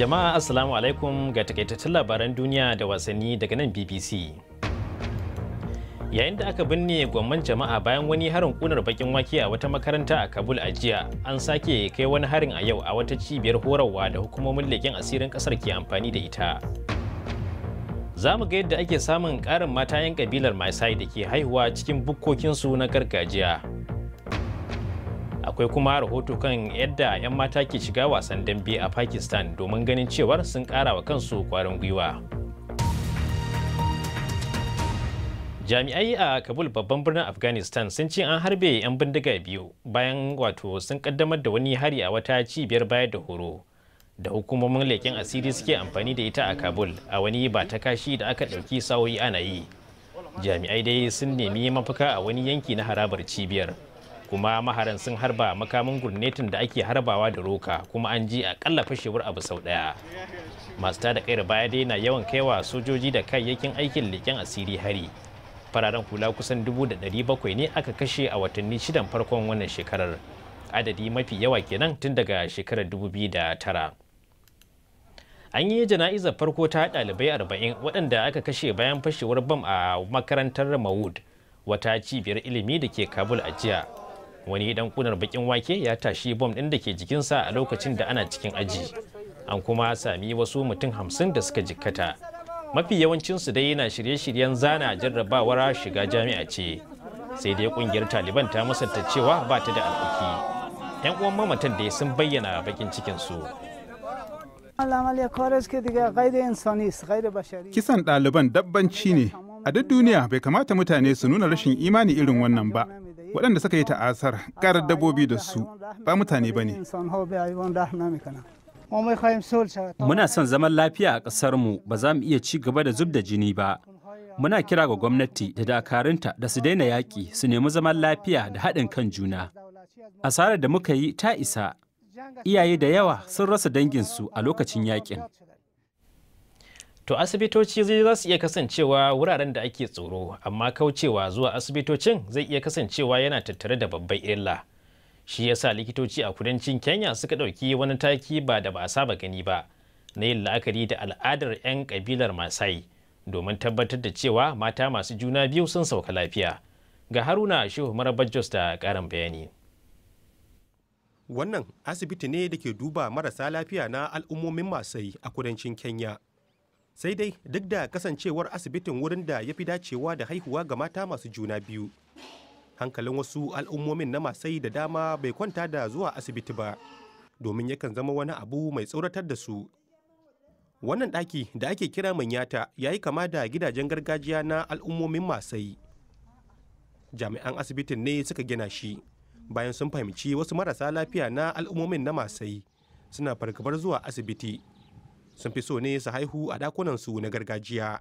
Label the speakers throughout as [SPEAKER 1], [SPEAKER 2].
[SPEAKER 1] Jama'a Assalamu alaikum ga takaitattun labaran duniya da wasanni daga nan BBC. yayin da aka binne gwamman jama'a bayan wani harin kunar bakin wake a wata makaranta a kabul a jiya an sake kai wani harin a yau a wata cibiyar horarwa da hukumomin leken asirin kasar ke amfani da ita za mu ga yadda ake samun ƙarin mata 'yan kabilar maasai da ke haihuwa cikin bukkokinsu na gargajiya akwai kuma rahoto kan yadda 'yan mata ke shiga wasan dambe a pakistan domin ganin cewar sun ƙara wa kansu kwarin gwiwa jami'ai a kabul babban birnin afghanistan sun ce an harbe 'yan bindiga biyu bayan wato sun kaddamar da wani hari a wata cibiyar bayar da horo da hukumomin leken asiri suke amfani da ita a kabul a wani ba ta kashi da aka ɗauki sawoyi ana yi jami'ai dai sun nemi mafaka a wani yanki na harabar cibiyar kuma maharan sun harba makamin gurnetin da ake harbawa da roka kuma an ji akalla fashewar abu sau daya masu tada kayar baya dai na yawan kaiwa sojoji da kayayyakin aikin leken asiri hari fararen hula kusan bakwai ne aka kashe a watanni shidan farkon wannan shekarar adadi mafi yawa kenan tun daga shekarar 2009 an yi jana'izar farko ta ɗalibai 40 waɗanda aka kashe bayan fashewar bam a makarantar mawud wata cibiyar ilimi da ke kabul a jiya wani dan kunar bakin wake ya tashi bom ɗin da ke jikinsa a lokacin da ana cikin aji an kuma sami wasu mutum hamsin da suka jikkata mafi yawancinsu dai yana shirye-shiryen zana jarrabawar shiga jami'a ce sai dai kungiyar taliban ta musanta cewa ba ta da alhaki yan uwan mamatan dai sun bayyana bakin cikinsu kisan ɗaliban dabbanci ne a duk duniya bai kamata mutane su nuna
[SPEAKER 2] rashin imani irin wannan ba waɗanda suka yi ta'asar ƙarar dabbobi da su ba mutane ba ne Muna son zaman lafiya a ƙasar
[SPEAKER 1] mu ba za mu iya ci gaba da zub da jini ba. Muna kira ga gwamnati da dakarunta da su daina yaƙi su nemi zaman lafiya da haɗin kan juna. Asarar da muka yi ta isa, iyaye da yawa sun rasa danginsu a lokacin yaƙin. To asibitoci zai za su iya kasancewa wuraren da ake tsoro, amma kaucewa zuwa asibitocin zai iya kasancewa yana tattare da babban illa. shi ya sa likitoci a kudancin kenya suka ɗauki wani taki ba da ba a saba gani ba na yin la'akari da al'adar 'yan kabilar masai domin tabbatar da cewa mata masu juna biyu sun sauka lafiya
[SPEAKER 2] ga haruna shehu marabar jos da ƙarin bayani wannan asibiti ne da ke duba marasa lafiya na al'ummomin masai a kudancin kenya sai dai duk da kasancewar asibitin wurin da ya fi dacewa da haihuwa ga mata masu juna biyu hankalin wasu al'ummomin na masai da dama bai kwanta da zuwa asibiti ba domin yakan zama wani abu mai tsoratar da su wannan ɗaki da ake kira manyata ya yi kama da gidajen gargajiya na al'ummomin masai jami'an asibitin ne suka gina shi bayan sun fahimci wasu marasa lafiya na al'ummomin na masai suna fargabar zuwa asibiti sun fi so ne su haihu a su na gargajiya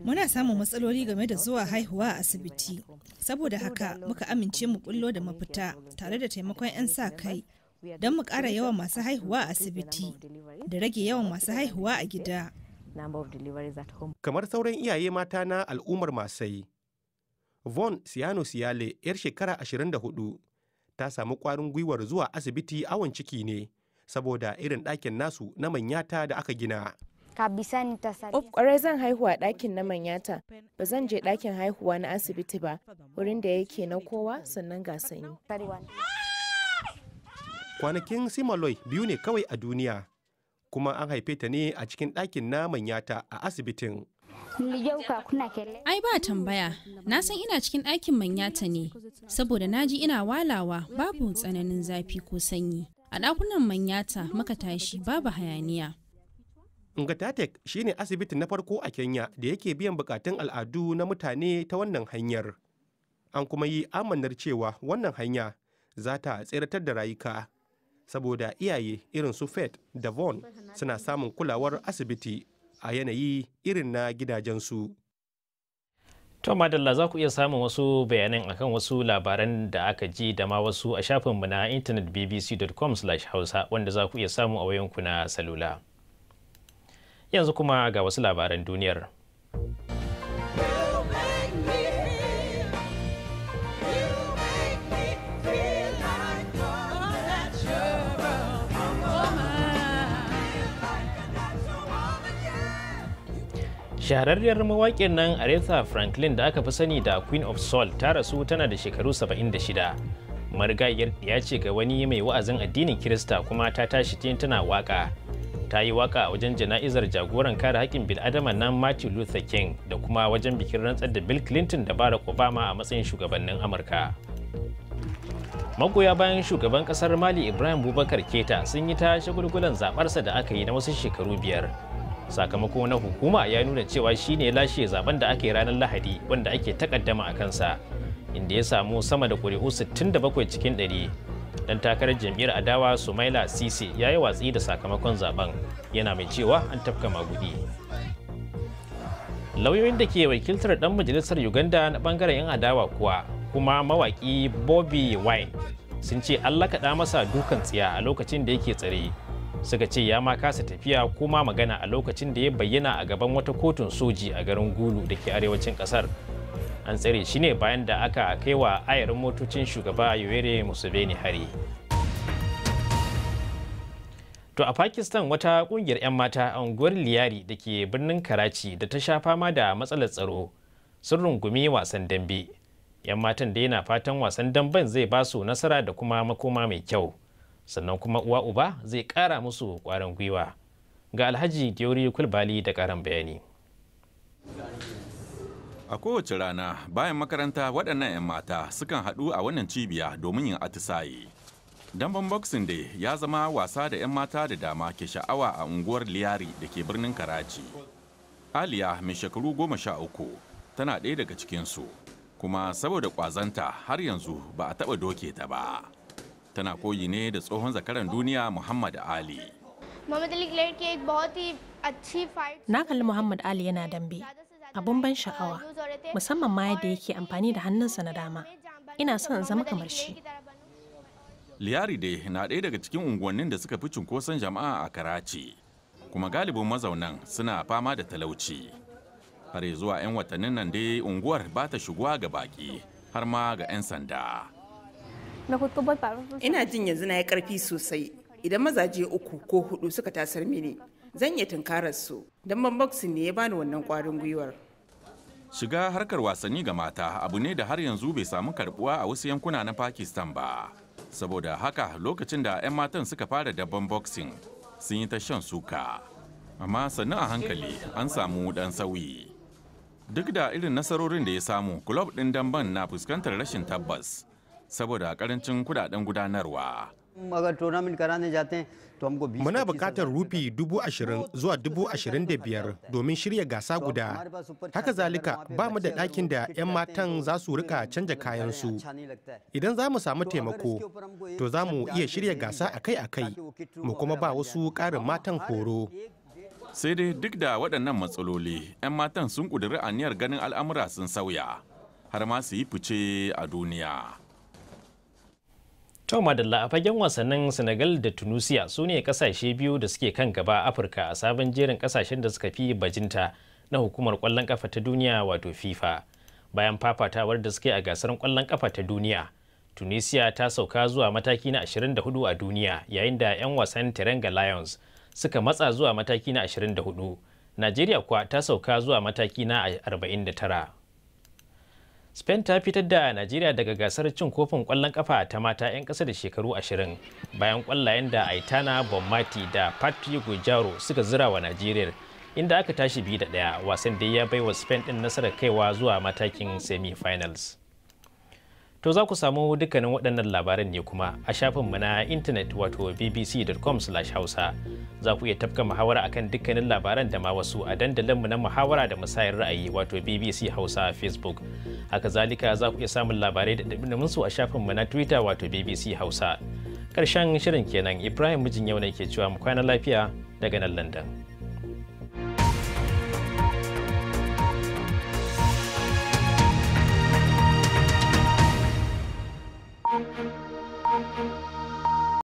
[SPEAKER 1] Muna samun matsaloli game da zuwa haihuwa a asibiti, saboda haka muka amince mu kullo da mafita tare da taimakon 'yan sa kai
[SPEAKER 2] don mu ƙara yawan
[SPEAKER 1] masu haihuwa a asibiti da rage yawan masu haihuwa a gida.
[SPEAKER 2] Kamar sauran iyaye mata na al'ummar Masai, Von Siano Siyale, 'yar shekara 24, ta samu ƙwarin gwiwar zuwa asibiti awon ciki ne, saboda irin ɗakin nasu na manyata da aka gina.
[SPEAKER 1] kwarai zan haihu a ɗakin na manyata, ba zan je ɗakin haihuwa na asibiti ba, wurin da yake na kowa sannan ga sanyi.
[SPEAKER 2] Kwanakin Simaloy biyu ne kawai a duniya, kuma an haife ta ne a cikin ɗakin na manyata a asibitin.
[SPEAKER 1] Ai ba tambaya, na san ina cikin ɗakin manyata ne, saboda na ji ina walawa babu tsananin zafi ko sanyi. A ɗakunan manyata muka tashi babu hayaniya.
[SPEAKER 2] Ngatatek shine asibiti na farko a Kenya da yake biyan bukatun al'adu na mutane ta wannan hanyar. An kuma yi amannar cewa wannan hanya za ta tseratar da rayuka saboda iyaye irin su Fed da Von suna samun kulawar asibiti a yanayi irin na gidajensu. To Madalla
[SPEAKER 1] za ku iya samun wasu bayanan akan wasu labaran da aka ji da ma wasu a shafinmu na intanet bbc.com/hausa wanda za ku iya samu a wayanku na salula. yanzu kuma ga wasu labaran duniyar shahararriyar mawaƙin nan aretha franklin da aka fi sani da queen of soul ta rasu tana da shekaru 76 marigayar ya ce ga wani mai wa'azin addinin kirista kuma ta tashi tana waka ta yi waka a wajen jana'izar jagoran kare haƙƙin bil'adama na Martin Luther King da kuma wajen bikin rantsar da Bill Clinton da Barack Obama a matsayin shugabannin Amurka. Magoya bayan shugaban ƙasar Mali Ibrahim Bubakar Keta sun yi ta shagulgulan zaɓarsa da aka yi na wasu shekaru biyar. Sakamako na hukuma ya nuna cewa shi ne lashe zaben da aka yi ranar Lahadi wanda ake takaddama a kansa, inda ya samu sama da ƙuri'u 67 cikin 100 dan takarar jam'iyyar adawa sumaila sise ya yi watsi da sakamakon zaben yana mai cewa an tafka magudi lauyoyin da ke wakiltar dan majalisar uganda na bangaren 'yan adawa kuwa kuma mawaki bobby wine sun ce an lakaɗa masa dukan tsiya a lokacin da yake tsare suka ce ya ma kasa tafiya kuma magana a lokacin da ya bayyana a gaban wata kotun soji a garin gulu da ke arewacin ƙasar an tsare shi ne bayan da aka kai wa ayarin motocin shugaba yoweri museveni hari To a Pakistan wata kungiyar 'yan mata a unguwar Liyari da ke birnin Karachi da ta sha fama da matsalar tsaro sun rungumi wasan dambe. 'Yan matan da yana fatan wasan damben zai ba su nasara da kuma makoma mai kyau. Sannan kuma uwa uba zai kara musu ƙwarin gwiwa. Ga Alhaji
[SPEAKER 3] Diori Kulbali da karan bayani. A kowace rana bayan makaranta waɗannan 'yan mata sukan haɗu a wannan cibiya domin yin atisaye. Damban Boxing Day ya zama wasa da 'yan mata da dama ke sha'awa a unguwar Liyari da ke birnin Karachi. Aliya mai shekaru goma sha uku tana ɗaya daga cikinsu, kuma saboda ƙwazanta har yanzu ba a taɓa doke ta ba. Tana koyi ne da tsohon zakaran duniya Muhammad Ali.
[SPEAKER 1] Na kalli Muhammad Ali yana dambe. abun ban sha'awa musamman ma yadda yake amfani da hannunsa na dama ina son in zama kamar shi
[SPEAKER 3] liyari dai na ɗaya daga cikin unguwannin da suka fi cunkoson jama'a a karaci kuma galibin mazaunan suna fama da talauci har zuwa 'yan watannin nan dai unguwar ba ta shigowa ga baki har ma ga 'yan sanda
[SPEAKER 1] ina jin yanzu na yi karfi sosai idan mazaje uku ko hudu suka tasar mini zan iya tunkarar su don boxing ne ya bani wannan kwarin gwiwar
[SPEAKER 3] shiga harkar wasanni ga mata abu ne da har yanzu bai samu karbuwa a wasu yankuna na pakistan ba saboda haka lokacin da 'yan matan suka fara dabban boxing sun yi ta shan suka amma sannu a hankali an samu dan sauyi duk da irin nasarorin da ya samu kulob ɗin damban na fuskantar rashin tabbas saboda karancin kudaden gudanarwa
[SPEAKER 2] tournament karane jate to muna bukatar rufi dubu ashirin zuwa dubu da biyar domin shirya gasa guda haka zalika ba mu da ɗakin da 'yan matan za su rika canja kayansu idan za mu samu taimako to za mu iya shirya gasa akai-akai mu kuma ba wasu ƙarin matan horo
[SPEAKER 3] sai dai duk da waɗannan matsaloli 'yan matan sun ƙudiri aniyar ganin al'amura sun sauya har ma su yi fice a duniya To madalla a
[SPEAKER 1] fagen wasannin Senegal da Tunisia su ne kasashe biyu da suke kan gaba Afirka a sabon jerin kasashen da suka fi bajinta na hukumar kwallon kafa ta duniya wato FIFA. Bayan fafatawar da suke a gasar kwallon kafa ta duniya, Tunisia ta sauka zuwa mataki na 24 a duniya yayin da 'yan wasan Terenga Lions suka matsa zuwa mataki na 24. Najeriya kuwa ta sauka zuwa mataki na 49. Spain ta fitar da Najeriya daga gasar cin kofin kwallon kafa ta mata 'yan kasa da shekaru 20 bayan kwallayen da Aitana Bommati da Patrick Gujaro suka zira wa Najeriya inda aka tashi biyu da ɗaya wasan da ya baiwa Spain din nasarar kaiwa zuwa matakin semi-finals. To za ku samu dukkanin waɗannan labaran ne kuma a shafinmu na intanet wato bbc.com/hausa. Za ku iya tafka muhawara akan dukkanin labaran da ma wasu a dandalinmu na muhawara da musayar ra'ayi wato BBC Hausa Facebook. Haka zalika za ku iya samun labarai da ɗabi'in su a shafinmu na Twitter wato BBC Hausa. Ƙarshen shirin kenan Ibrahim Mijin yau ne ke cewa mu kwana lafiya daga nan London.